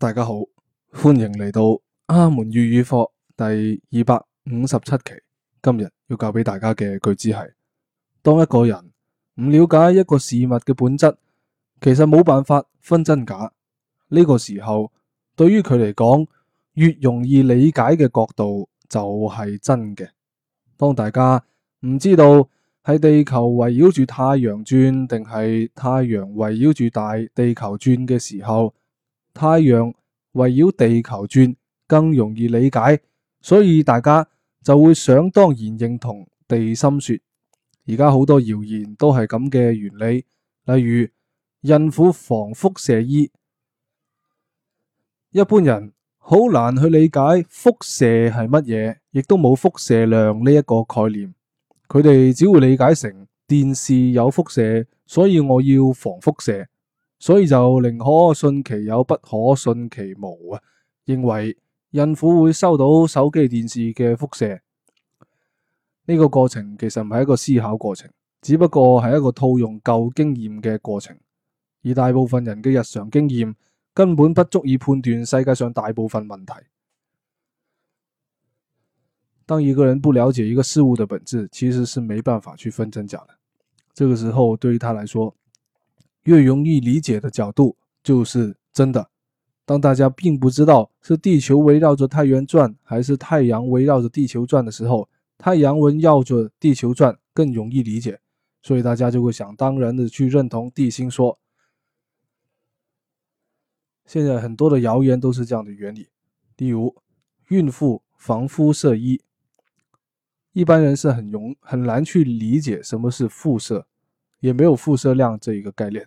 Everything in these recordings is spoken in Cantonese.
大家好，歡迎嚟到阿門粵語課第二百五十七期。今日要教俾大家嘅句子係：當一個人唔了解一個事物嘅本質，其實冇辦法分真假。呢個時候，對於佢嚟講，越容易理解嘅角度就係真嘅。當大家唔知道喺地球圍繞住太陽轉，定係太陽圍繞住大地球轉嘅時候。太陽圍繞地球轉更容易理解，所以大家就會想當然認同地心說。而家好多謠言都係咁嘅原理，例如孕婦防輻射衣。一般人好難去理解輻射係乜嘢，亦都冇輻射量呢一個概念。佢哋只會理解成電視有輻射，所以我要防輻射。所以就寧可信其有，不可信其無啊！認為孕婦會收到手機電視嘅輻射呢個過程，其實唔係一個思考過程，只不過係一個套用舊經驗嘅過程。而大部分人嘅日常經驗根本不足以判斷世界上大部分問題。當一個人不了解一個事物的本質，其實是沒辦法去分真假嘅。這個時候，對於他來說。越容易理解的角度就是真的。當大家並不知道是地球圍繞着太陽轉，還是太陽圍繞着地球轉的時候，太陽圍繞着地球轉更容易理解，所以大家就會想當然的去認同地心說。現在很多的謠言都是這樣的原理，例如孕婦防輻射衣，一般人是很容很難去理解什麼是輻射，也沒有輻射量這一個概念。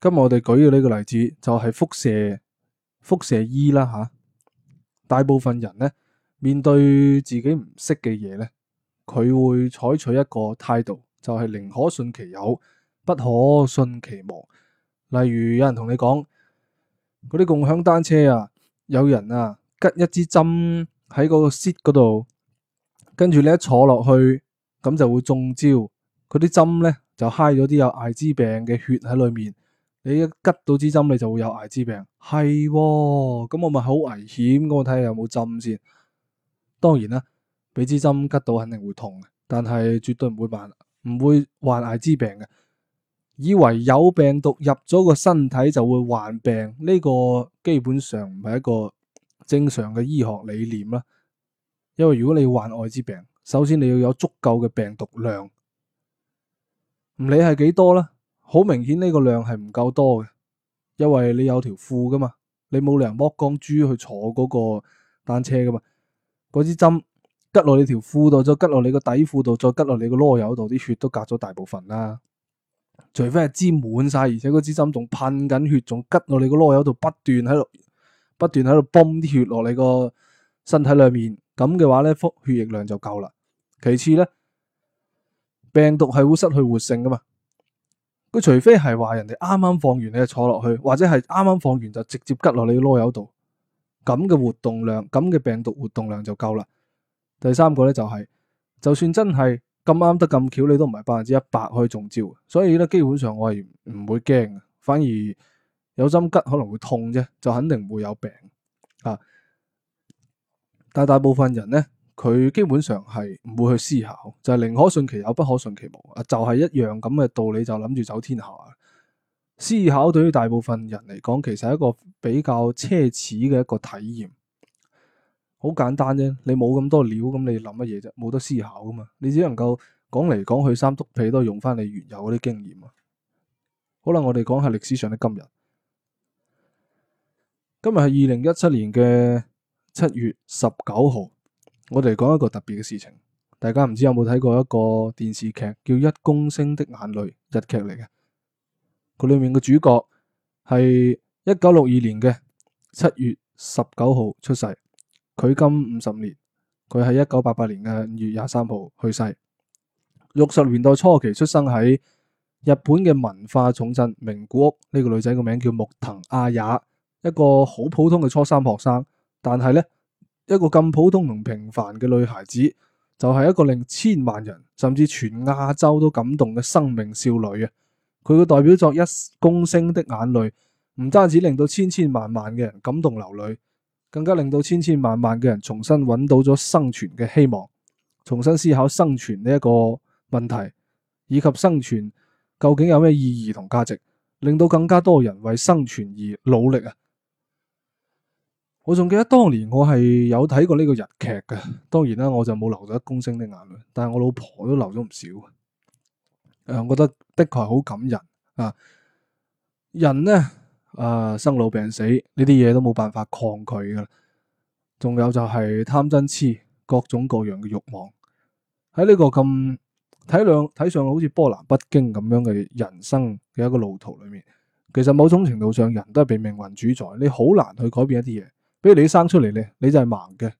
今日我哋舉嘅呢個例子就係輻射輻射醫啦吓、啊，大部分人咧面對自己唔識嘅嘢咧，佢會採取一個態度，就係、是、寧可信其有，不可信其無。例如有人同你講嗰啲共享單車啊，有人啊拮一支針喺個 seat 嗰度，跟住你一坐落去，咁就會中招。嗰啲針呢，就嗨咗啲有艾滋病嘅血喺裏面。你一拮到支針，你就會有艾滋病，係咁、哦、我咪好危險。噉我睇下有冇針先。當然啦，俾支針拮到肯定會痛嘅，但係絕對唔會，會患唔會患艾滋病嘅。以為有病毒入咗個身體就會患病，呢、這個基本上唔係一個正常嘅醫學理念啦。因為如果你患艾滋病，首先你要有足夠嘅病毒量，唔理係幾多啦。好明顯呢個量係唔夠多嘅，因為你有條褲噶嘛，你冇理由剝光豬去坐嗰個單車噶嘛，嗰支針拮落你條褲度，再拮落你個底褲度，再拮落你個籮柚度，啲血都隔咗大部分啦。除非係支滿晒，而且嗰支針仲噴緊血，仲拮落你個籮柚度，不斷喺度不斷喺度泵啲血落你個身體裏面，咁嘅話咧，血血液量就夠啦。其次咧，病毒係會失去活性噶嘛。佢除非係話人哋啱啱放完你就坐落去，或者係啱啱放完就直接吉落你個籮柚度，咁嘅活動量，咁嘅病毒活動量就夠啦。第三個咧就係、是，就算真係咁啱得咁巧，你都唔係百分之一百可以中招，所以咧基本上我係唔會驚，反而有針吉可能會痛啫，就肯定唔會有病啊。但大部分人呢，佢基本上係唔會去思考，就係、是、寧可信其有，不可信其無啊！就係、是、一樣咁嘅道理，就諗住走天下啊。思考對於大部分人嚟講，其實係一個比較奢侈嘅一個體驗。好簡單啫，你冇咁多料，咁你諗乜嘢啫？冇得思考啊嘛，你只能夠講嚟講去，三幅被都用翻你原有嗰啲經驗啊。好啦，我哋講下歷史上嘅今日。今日係二零一七年嘅七月十九號。我哋講一個特別嘅事情，大家唔知有冇睇過一個電視劇叫《一公升的眼淚》，日劇嚟嘅。佢裏面嘅主角係一九六二年嘅七月十九號出世，佢今五十年，佢係一九八八年嘅五月廿三號去世。六十年代初期出生喺日本嘅文化重鎮名古屋，呢個女仔個名叫木藤亞也，一個好普通嘅初三學生，但係咧。一個咁普通同平凡嘅女孩子，就係一個令千萬人甚至全亞洲都感動嘅生命少女啊！佢嘅代表作《一公升的眼淚》，唔單止令到千千萬萬嘅人感動流淚，更加令到千千萬萬嘅人重新揾到咗生存嘅希望，重新思考生存呢一個問題，以及生存究竟有咩意義同價值，令到更加多人為生存而努力啊！我仲記得當年我係有睇過呢個日劇嘅，當然啦，我就冇流咗一公升的眼淚，但係我老婆都流咗唔少啊。我覺得的確好感人啊！人呢，誒、啊，生老病死呢啲嘢都冇辦法抗拒噶啦。仲有就係貪嗔痴，各種各樣嘅欲望，喺呢個咁睇兩、睇上好似波瀾不驚咁樣嘅人生嘅一個路途裏面，其實某種程度上人都係被命運主宰，你好難去改變一啲嘢。比如你生出嚟咧，你就係盲嘅，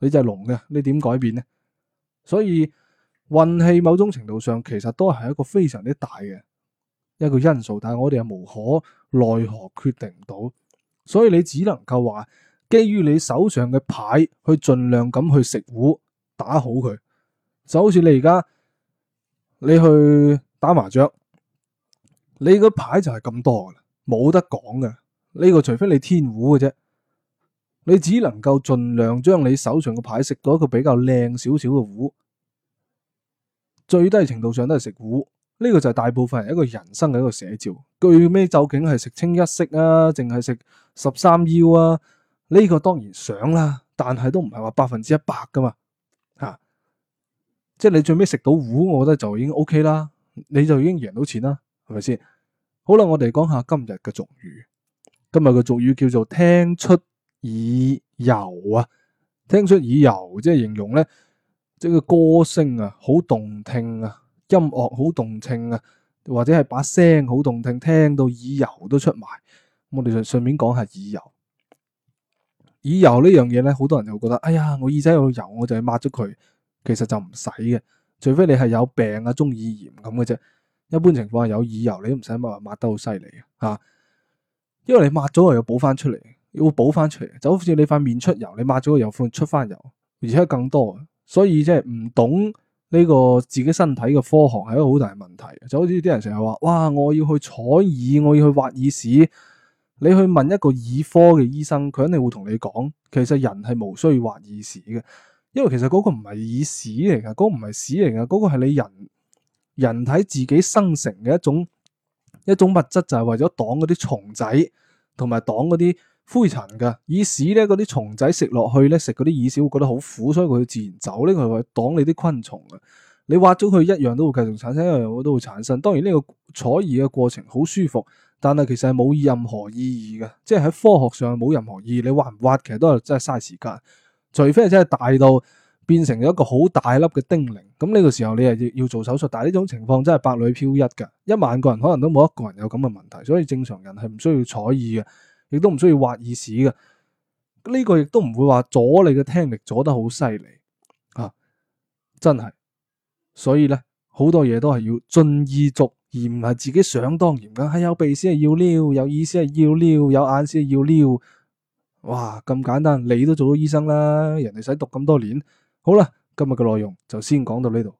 你就係聾嘅，你點改變呢？所以運氣某種程度上其實都係一個非常之大嘅一個因素，但係我哋又無可奈何決定唔到，所以你只能夠話基於你手上嘅牌去盡量咁去食糊打好佢，就好似你而家你去打麻雀，你個牌就係咁多噶啦，冇得講噶，呢個除非你天糊嘅啫。你只能夠盡量將你手上嘅牌食到一個比較靚少少嘅糊，最低程度上都係食糊。呢、這個就係大部分人一個人生嘅一個寫照。最尾究竟係食清一色啊，淨係食十三幺啊？呢、這個當然想啦，但係都唔係話百分之一百噶嘛。吓、啊，即係你最尾食到糊，我覺得就已經 OK 啦，你就已經贏到錢啦，係咪先？好啦，我哋講下今日嘅俗語。今日嘅俗語叫做聽出。耳油啊，聽出耳油，即係形容咧，即係個歌聲啊，好動聽啊，音樂好動聽啊，或者係把聲好動聽，聽到耳油都出埋。我哋就順便講下耳油。耳油呢樣嘢咧，好多人就會覺得，哎呀，我耳仔有油，我就要抹咗佢。其實就唔使嘅，除非你係有病啊，中耳炎咁嘅啫。一般情況下有耳油，你都唔使抹，抹得好犀利啊。因為你抹咗，我要補翻出嚟。要補翻出嚟，就好似你塊面出油，你抹咗個油管出翻油，而且更多嘅，所以即係唔懂呢個自己身體嘅科學係一個好大問題。就好似啲人成日話，哇，我要去採耳，我要去挖耳屎。你去問一個耳科嘅醫生，佢肯定會同你講，其實人係無需要挖耳屎嘅，因為其實嗰個唔係耳屎嚟㗎，嗰個唔係屎嚟㗎，嗰個係你人人體自己生成嘅一種一種物質，就係為咗擋嗰啲蟲仔同埋擋嗰啲。灰塵噶耳屎咧，嗰啲蟲仔食落去咧，食嗰啲耳屎會覺得好苦，所以佢會自然走呢咧。係會擋你啲昆蟲啊。你挖咗佢一樣都會繼續產生，一樣都會產生。當然呢個採耳嘅過程好舒服，但係其實係冇任何意義嘅，即係喺科學上冇任何意義。你挖唔挖其實都係真係嘥時間，除非係真係大到變成一個好大粒嘅耵聹，咁呢個時候你係要做手術。但係呢種情況真係百里挑一嘅，一萬個人可能都冇一個人有咁嘅問題，所以正常人係唔需要採耳嘅。亦都唔需要挖耳屎嘅，呢、呢個亦都唔會話阻你嘅聽力阻得好犀利啊！真係，所以咧好多嘢都係要遵醫囑，而唔係自己想當然噶。係、哎、有鼻先係要撩，有耳先係要撩，有眼先係要撩。哇！咁簡單，你都做咗醫生啦，人哋使讀咁多年。好啦，今日嘅內容就先講到呢度。